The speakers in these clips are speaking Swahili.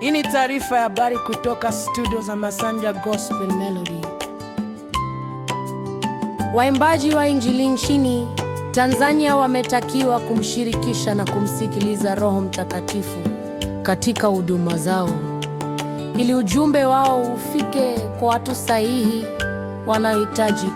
Hii ni taarifa ya habari kutoka studio za Masanja Gospel Melody. Waimbaji wa injili nchini Tanzania wametakiwa kumshirikisha na kumsikiliza Roho Mtakatifu katika huduma zao ili ujumbe wao ufike kwa watu sahihi wanaohitaji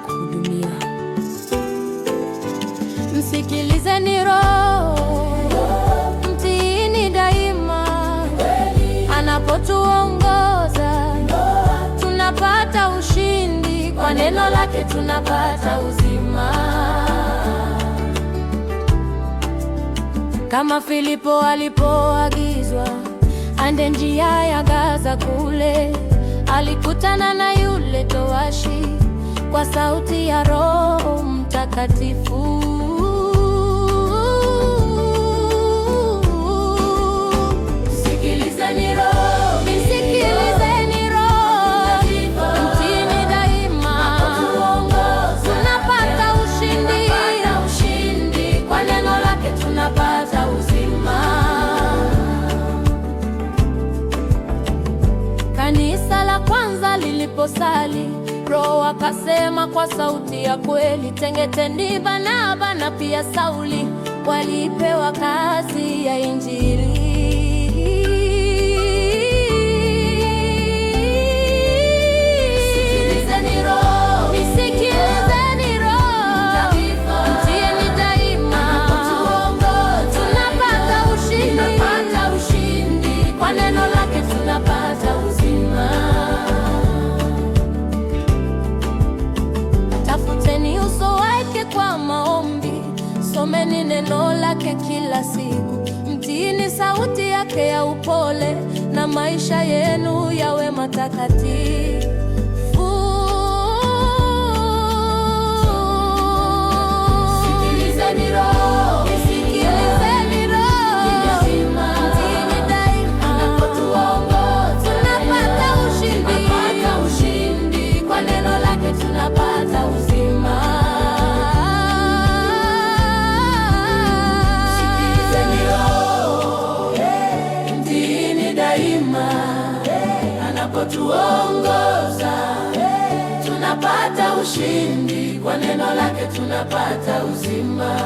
tunapata uzima. Kama Filipo alipoagizwa ande njia ya Gaza kule, alikutana na yule towashi kwa sauti ya Roho Mtakatifu. Sikilizeni Roho Roho akasema kwa sauti ya kweli, tengeteni Barnaba na pia Sauli. Walipewa kazi ya Injili. maisha yenu yawe matakatifu. unaotuongoza Tunapata ushindi kwa neno lake, tunapata uzima.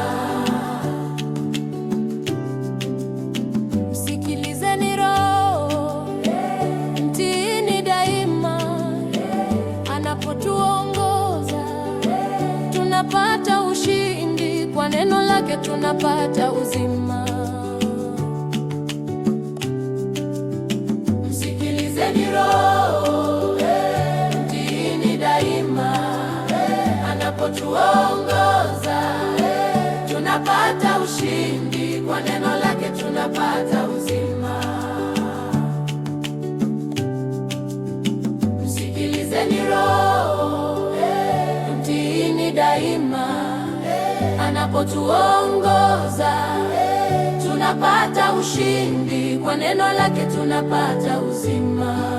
Msikilizeni Roho daima Anapotuongoza Tunapata ushindi kwa neno lake, tunapata uzima. Msikilizeni Roho tuongoza tunapata ushindi, kwa neno lake tunapata uzima.